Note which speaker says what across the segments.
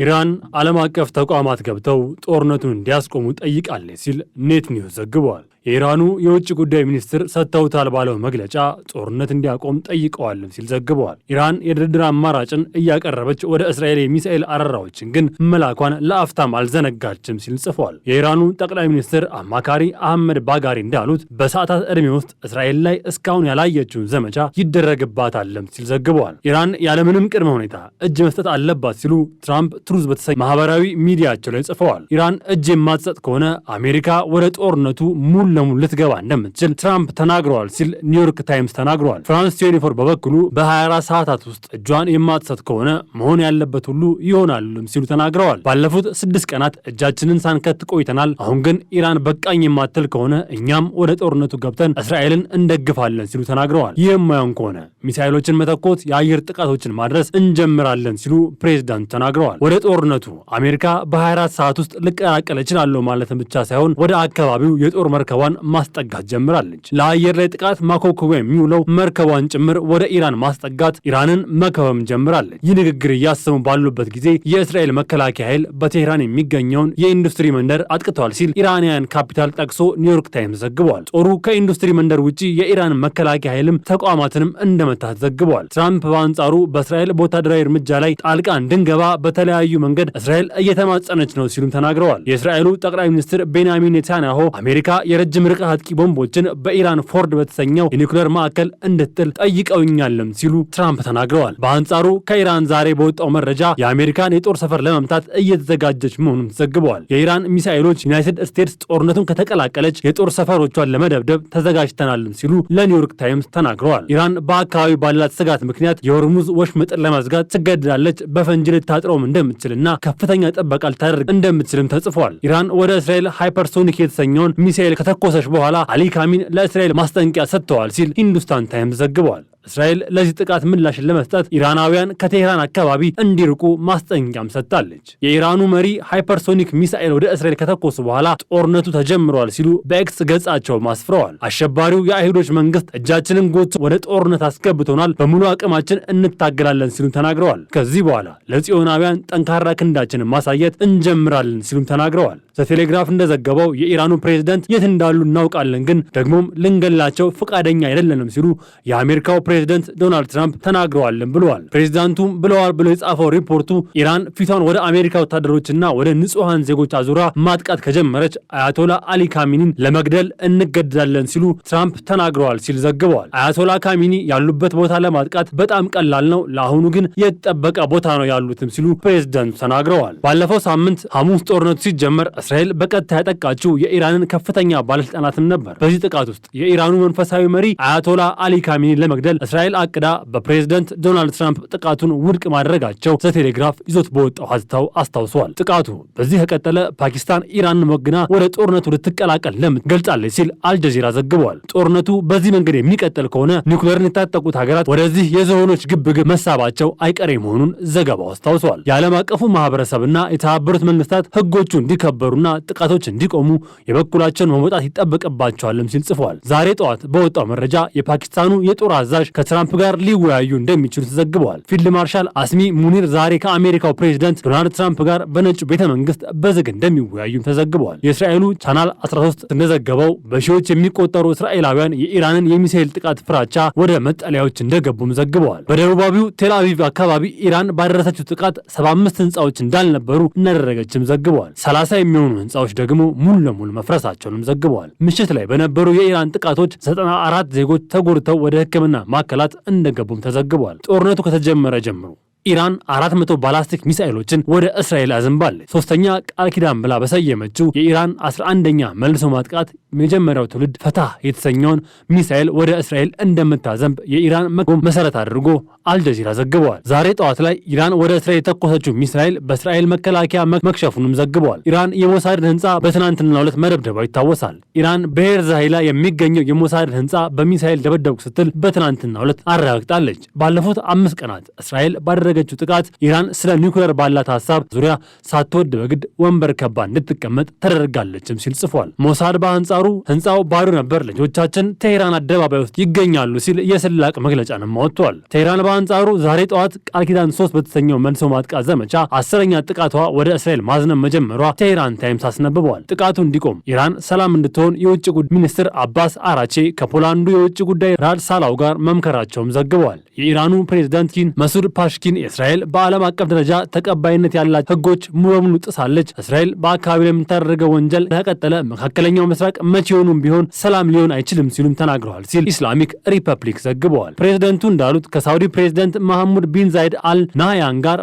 Speaker 1: ኢራን ዓለም አቀፍ ተቋማት ገብተው ጦርነቱን እንዲያስቆሙ ጠይቃለች ሲል ኔት ኒውስ ዘግቧል። የኢራኑ የውጭ ጉዳይ ሚኒስትር ሰጥተውታል ባለው መግለጫ ጦርነት እንዲያቆም ጠይቀዋልም ሲል ዘግበዋል። ኢራን የድርድር አማራጭን እያቀረበች ወደ እስራኤል የሚሳኤል አረራዎችን ግን መላኳን ለአፍታም አልዘነጋችም ሲል ጽፏል። የኢራኑ ጠቅላይ ሚኒስትር አማካሪ አህመድ ባጋሪ እንዳሉት በሰዓታት ዕድሜ ውስጥ እስራኤል ላይ እስካሁን ያላየችውን ዘመቻ ይደረግባታልም ሲል ዘግበዋል። ኢራን ያለምንም ቅድመ ሁኔታ እጅ መስጠት አለባት ሲሉ ትራምፕ ትሩዝ በተሰኘ ማህበራዊ ሚዲያቸው ላይ ጽፈዋል። ኢራን እጅ የማትሰጥ ከሆነ አሜሪካ ወደ ጦርነቱ ሙሉ ለሙሉ ልትገባ እንደምትችል ትራምፕ ተናግረዋል ሲል ኒውዮርክ ታይምስ ተናግረዋል። ፍራንስ ቲዌኒፎር በበኩሉ በ24 ሰዓታት ውስጥ እጇን የማትሰት ከሆነ መሆን ያለበት ሁሉ ይሆናሉም ሲሉ ተናግረዋል። ባለፉት ስድስት ቀናት እጃችንን ሳንከት ቆይተናል። አሁን ግን ኢራን በቃኝ የማትል ከሆነ እኛም ወደ ጦርነቱ ገብተን እስራኤልን እንደግፋለን ሲሉ ተናግረዋል። ይህ ከሆነ ሚሳይሎችን መተኮት፣ የአየር ጥቃቶችን ማድረስ እንጀምራለን ሲሉ ፕሬዚዳንቱ ተናግረዋል። ወደ ጦርነቱ አሜሪካ በ24 ሰዓት ውስጥ ልቀላቀል እችላለሁ ማለትም ብቻ ሳይሆን ወደ አካባቢው የጦር መርከባ መርከቧን ማስጠጋት ጀምራለች። ለአየር ላይ ጥቃት ማኮብኮቢያ የሚውለው መርከቧን ጭምር ወደ ኢራን ማስጠጋት ኢራንን መከበም ጀምራለች። ይህ ንግግር እያሰሙ ባሉበት ጊዜ የእስራኤል መከላከያ ኃይል በቴህራን የሚገኘውን የኢንዱስትሪ መንደር አጥቅተዋል ሲል ኢራንያን ካፒታል ጠቅሶ ኒውዮርክ ታይምስ ዘግቧል። ጦሩ ከኢንዱስትሪ መንደር ውጭ የኢራን መከላከያ ኃይልም ተቋማትንም እንደመታ ዘግቧል። ትራምፕ በአንጻሩ በእስራኤል በወታደራዊ እርምጃ ላይ ጣልቃ እንድንገባ በተለያዩ መንገድ እስራኤል እየተማጸነች ነው ሲሉም ተናግረዋል። የእስራኤሉ ጠቅላይ ሚኒስትር ቤንያሚን ኔታንያሁ አሜሪካ የረጅ ረጅም ርቀት አጥቂ ቦምቦችን በኢራን ፎርድ በተሰኘው የኒውክሌር ማዕከል እንድትጥል ጠይቀውኛለም ሲሉ ትራምፕ ተናግረዋል። በአንጻሩ ከኢራን ዛሬ በወጣው መረጃ የአሜሪካን የጦር ሰፈር ለመምታት እየተዘጋጀች መሆኑን ተዘግበዋል። የኢራን ሚሳኤሎች ዩናይትድ ስቴትስ ጦርነቱን ከተቀላቀለች የጦር ሰፈሮቿን ለመደብደብ ተዘጋጅተናልም ሲሉ ለኒውዮርክ ታይምስ ተናግረዋል። ኢራን በአካባቢ ባላት ስጋት ምክንያት የሆርሙዝ ወሽመጥን ለመዝጋት ትገደዳለች፣ በፈንጂ ልታጥረውም እንደምትችልና ከፍተኛ ጥበቃ ልታደርግ እንደምትችልም ተጽፏል። ኢራን ወደ እስራኤል ሃይፐርሶኒክ የተሰኘውን ሚሳኤል ከተኮሰች በኋላ አሊ ካሚን ለእስራኤል ማስጠንቀቂያ ሰጥተዋል ሲል ሂንዱስታን ታይምስ ዘግቧል። እስራኤል ለዚህ ጥቃት ምላሽን ለመስጠት ኢራናውያን ከቴህራን አካባቢ እንዲርቁ ማስጠንቀቂያም ሰጥታለች። የኢራኑ መሪ ሃይፐርሶኒክ ሚሳኤል ወደ እስራኤል ከተኮሱ በኋላ ጦርነቱ ተጀምሯል ሲሉ በኤክስ ገጻቸው አስፍረዋል። አሸባሪው የአይሁዶች መንግስት እጃችንን ጎትቶ ወደ ጦርነት አስገብቶናል፣ በሙሉ አቅማችን እንታገላለን ሲሉም ተናግረዋል። ከዚህ በኋላ ለጽዮናውያን ጠንካራ ክንዳችንን ማሳየት እንጀምራለን ሲሉም ተናግረዋል። ዘቴሌግራፍ እንደዘገበው የኢራኑ ፕሬዚደንት የት እንዳሉ እናውቃለን፣ ግን ደግሞም ልንገላቸው ፈቃደኛ አይደለንም ሲሉ የአሜሪካው ፕሬዝደንት ዶናልድ ትራምፕ ተናግረዋልም ብለዋል። ፕሬዚዳንቱም ብለዋል ብሎ የጻፈው ሪፖርቱ ኢራን ፊቷን ወደ አሜሪካ ወታደሮችና ወደ ንጹሐን ዜጎች አዙራ ማጥቃት ከጀመረች አያቶላ አሊ ካሚኒን ለመግደል እንገደዳለን ሲሉ ትራምፕ ተናግረዋል ሲል ዘግበዋል። አያቶላ ካሚኒ ያሉበት ቦታ ለማጥቃት በጣም ቀላል ነው፣ ለአሁኑ ግን የተጠበቀ ቦታ ነው ያሉትም ሲሉ ፕሬዚደንቱ ተናግረዋል። ባለፈው ሳምንት ሐሙስ ጦርነቱ ሲጀመር እስራኤል በቀጥታ ያጠቃችው የኢራንን ከፍተኛ ባለስልጣናትም ነበር። በዚህ ጥቃት ውስጥ የኢራኑ መንፈሳዊ መሪ አያቶላ አሊ ካሚኒ ለመግደል እስራኤል አቅዳ በፕሬዝደንት ዶናልድ ትራምፕ ጥቃቱን ውድቅ ማድረጋቸው ዘቴሌግራፍ ይዞት በወጣው ሀዝታው አስታውሰዋል። ጥቃቱ በዚህ ከቀጠለ ፓኪስታን ኢራንን ወግና ወደ ጦርነቱ ልትቀላቀል ገልጻለች ሲል አልጀዚራ ዘግቧል። ጦርነቱ በዚህ መንገድ የሚቀጥል ከሆነ ኒውክሌርን የታጠቁት ሀገራት ወደዚህ የዝሆኖች ግብግብ መሳባቸው አይቀሬ መሆኑን ዘገባው አስታውሰዋል። የዓለም አቀፉ ማህበረሰብና የተባበሩት መንግስታት ህጎቹ እንዲከበሩና ጥቃቶች እንዲቆሙ የበኩላቸውን መወጣት ይጠበቅባቸዋልም ሲል ጽፏል። ዛሬ ጠዋት በወጣው መረጃ የፓኪስታኑ የጦር አዛዥ ከትራምፕ ጋር ሊወያዩ እንደሚችሉ ተዘግበዋል። ፊልድ ማርሻል አስሚ ሙኒር ዛሬ ከአሜሪካው ፕሬዚደንት ዶናልድ ትራምፕ ጋር በነጩ ቤተ መንግስት በዝግ እንደሚወያዩም ተዘግበዋል። የእስራኤሉ ቻናል 13 እንደዘገበው በሺዎች የሚቆጠሩ እስራኤላውያን የኢራንን የሚሳኤል ጥቃት ፍራቻ ወደ መጠለያዎች እንደገቡም ዘግበዋል። በደቡባዊው ቴል አቪቭ አካባቢ ኢራን ባደረሰችው ጥቃት 75 ህንፃዎች እንዳልነበሩ እንዳደረገችም ዘግበዋል። 30 የሚሆኑ ህንፃዎች ደግሞ ሙሉ ለሙሉ መፍረሳቸውንም ዘግበዋል። ምሽት ላይ በነበሩ የኢራን ጥቃቶች 94 ዜጎች ተጎድተው ወደ ህክምና ማዕከላት እንደገቡም ተዘግቧል። ጦርነቱ ከተጀመረ ጀምሮ ኢራን አራት መቶ ባላስቲክ ሚሳኤሎችን ወደ እስራኤል አዘንባለች። ሶስተኛ ቃል ኪዳን ብላ በሰየመችው የኢራን 11ኛ መልሶ ማጥቃት የመጀመሪያው ትውልድ ፈታህ የተሰኘውን ሚሳኤል ወደ እስራኤል እንደምታዘንብ የኢራን መግቦም መሰረት አድርጎ አልጀዚራ ዘግበዋል። ዛሬ ጠዋት ላይ ኢራን ወደ እስራኤል የተኮሰችው ሚሳኤል በእስራኤል መከላከያ መክሸፉንም ዘግበዋል። ኢራን የሞሳድን ህንፃ በትናንትና ሁለት መደብደባው ይታወሳል። ኢራን ብሔር ዛሂላ የሚገኘው የሞሳድን ህንፃ በሚሳኤል ደበደብኩ ስትል በትናንትና ሁለት አረጋግጣለች። ባለፉት አምስት ቀናት እስራኤል ባደረገችው ጥቃት ኢራን ስለ ኒውክሌር ባላት ሀሳብ ዙሪያ ሳትወድ በግድ ወንበር ከባ እንድትቀመጥ ተደርጋለችም ሲል ጽፏል። ሞሳድ በአንጻሩ በአንጻሩ ህንፃው ባዶ ነበር፣ ልጆቻችን ቴሄራን አደባባይ ውስጥ ይገኛሉ ሲል የስላቅ መግለጫንም አወጥቷል። ቴሄራን በአንጻሩ ዛሬ ጠዋት ቃል ኪዳን ሶስት በተሰኘው መልሶ ማጥቃት ዘመቻ አስረኛ ጥቃቷ ወደ እስራኤል ማዝነብ መጀመሯ ቴሄራን ታይምስ አስነብበዋል። ጥቃቱ እንዲቆም ኢራን ሰላም እንድትሆን የውጭ ጉዳይ ሚኒስትር አባስ አራቼ ከፖላንዱ የውጭ ጉዳይ ራድ ሳላው ጋር መምከራቸውም ዘግበዋል። የኢራኑ ፕሬዝዳንት መሱድ ፓሽኪን እስራኤል በዓለም አቀፍ ደረጃ ተቀባይነት ያላቸው ህጎች ሙሉ በሙሉ ጥሳለች፣ እስራኤል በአካባቢ ላይ ወንጀል ተቀጠለ መካከለኛው ምስራቅ መቼውኑም ቢሆን ሰላም ሊሆን አይችልም ሲሉም ተናግረዋል ሲል ኢስላሚክ ሪፐብሊክ ዘግበዋል። ፕሬዝደንቱ እንዳሉት ከሳውዲ ፕሬዝደንት መሐሙድ ቢን ዛይድ አል ናህያን ጋር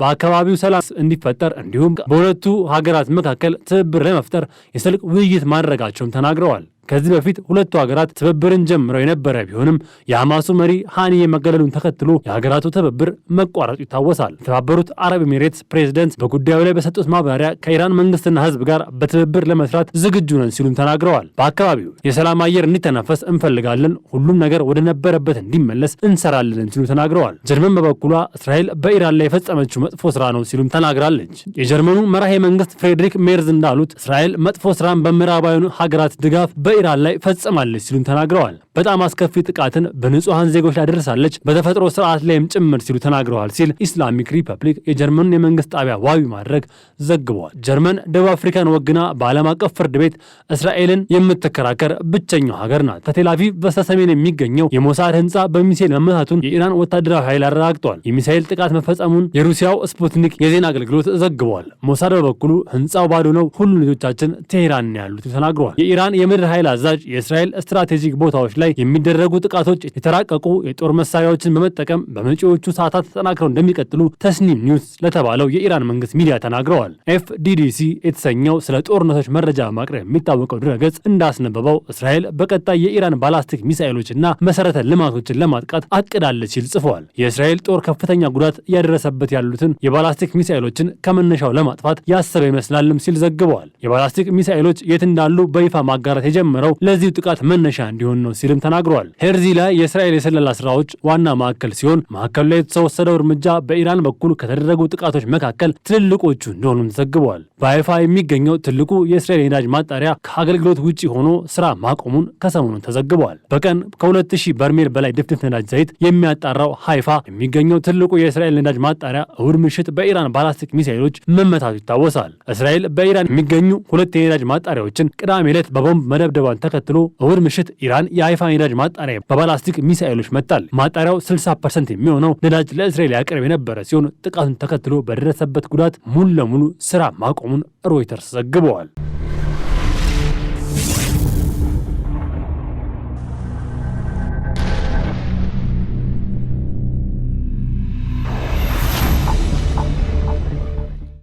Speaker 1: በአካባቢው ሰላም እንዲፈጠር እንዲሁም በሁለቱ ሀገራት መካከል ትብብር ለመፍጠር የስልክ ውይይት ማድረጋቸውም ተናግረዋል። ከዚህ በፊት ሁለቱ ሀገራት ትብብርን ጀምረው የነበረ ቢሆንም የሐማሱ መሪ ሃኒ የመገለሉን ተከትሎ የሀገራቱ ትብብር መቋረጡ ይታወሳል። የተባበሩት አረብ ኤሚሬትስ ፕሬዚደንት በጉዳዩ ላይ በሰጡት ማብራሪያ ከኢራን መንግስትና ህዝብ ጋር በትብብር ለመስራት ዝግጁ ነን ሲሉም ተናግረዋል። በአካባቢው የሰላም አየር እንዲተነፈስ እንፈልጋለን፣ ሁሉም ነገር ወደ ነበረበት እንዲመለስ እንሰራለን ሲሉ ተናግረዋል። ጀርመን በበኩሏ እስራኤል በኢራን ላይ የፈጸመችው መጥፎ ስራ ነው ሲሉም ተናግራለች። የጀርመኑ መራሄ መንግስት ፍሬድሪክ ሜርዝ እንዳሉት እስራኤል መጥፎ ስራን በምዕራባውያኑ ሀገራት ድጋፍ በ በኢራን ላይ ፈጽማለች ሲሉም ተናግረዋል። በጣም አስከፊ ጥቃትን በንጹሐን ዜጎች ላይ ደርሳለች፣ በተፈጥሮ ስርዓት ላይም ጭምር ሲሉ ተናግረዋል ሲል ኢስላሚክ ሪፐብሊክ የጀርመኑን የመንግስት ጣቢያ ዋቢ ማድረግ ዘግቧል። ጀርመን ደቡብ አፍሪካን ወግና በዓለም አቀፍ ፍርድ ቤት እስራኤልን የምትከራከር ብቸኛው ሀገር ናት። ከቴልአቪቭ በስተሰሜን የሚገኘው የሞሳድ ህንፃ በሚሳኤል መመታቱን የኢራን ወታደራዊ ኃይል አረጋግጧል። የሚሳይል ጥቃት መፈጸሙን የሩሲያው ስፑትኒክ የዜና አገልግሎት ዘግቧል። ሞሳድ በበኩሉ ህንፃው ባዶ ነው፣ ሁሉም ልጆቻችን ቴሄራን ያሉት ተናግረዋል። የኢራን የምድር ኃይል አዛዥ የእስራኤል ስትራቴጂክ ቦታዎች ላይ የሚደረጉ ጥቃቶች የተራቀቁ የጦር መሳሪያዎችን በመጠቀም በመጪዎቹ ሰዓታት ተጠናክረው እንደሚቀጥሉ ተስኒም ኒውስ ለተባለው የኢራን መንግስት ሚዲያ ተናግረዋል። ኤፍዲዲሲ የተሰኘው ስለ ጦርነቶች መረጃ ማቅረብ የሚታወቀው ድረገጽ እንዳስነበበው እስራኤል በቀጣይ የኢራን ባላስቲክ ሚሳኤሎችና መሰረተ ልማቶችን ለማጥቃት አቅዳለች ሲል ጽፏል። የእስራኤል ጦር ከፍተኛ ጉዳት እያደረሰበት ያሉትን የባላስቲክ ሚሳኤሎችን ከመነሻው ለማጥፋት ያሰበ ይመስላልም ሲል ዘግበዋል። የባላስቲክ ሚሳኤሎች የት እንዳሉ በይፋ ማጋራት የጀመ የጨመረው ለዚሁ ጥቃት መነሻ እንዲሆን ነው ሲልም ተናግረዋል። ሄርዚላ የእስራኤል የስለላ ስራዎች ዋና ማዕከል ሲሆን ማዕከሉ ላይ የተወሰደው እርምጃ በኢራን በኩል ከተደረጉ ጥቃቶች መካከል ትልልቆቹ እንደሆኑም ተዘግበዋል። በአይፋ የሚገኘው ትልቁ የእስራኤል የነዳጅ ማጣሪያ ከአገልግሎት ውጭ ሆኖ ስራ ማቆሙን ከሰሞኑን ተዘግበዋል። በቀን ከ2000 በርሜል በላይ ድፍድፍ ነዳጅ ዘይት የሚያጣራው ሃይፋ የሚገኘው ትልቁ የእስራኤል ነዳጅ ማጣሪያ እሁድ ምሽት በኢራን ባላስቲክ ሚሳይሎች መመታቱ ይታወሳል። እስራኤል በኢራን የሚገኙ ሁለት የነዳጅ ማጣሪያዎችን ቅዳሜ ዕለት በቦምብ መደብደ መደብደቧን ተከትሎ እሁድ ምሽት ኢራን የአይፋ ነዳጅ ማጣሪያ በባላስቲክ ሚሳኤሎች መጣል። ማጣሪያው 60 ፐርሰንት የሚሆነው ነዳጅ ለእስራኤል ያቀርብ የነበረ ሲሆን ጥቃቱን ተከትሎ በደረሰበት ጉዳት ሙሉ ለሙሉ ስራ ማቆሙን ሮይተርስ ዘግበዋል።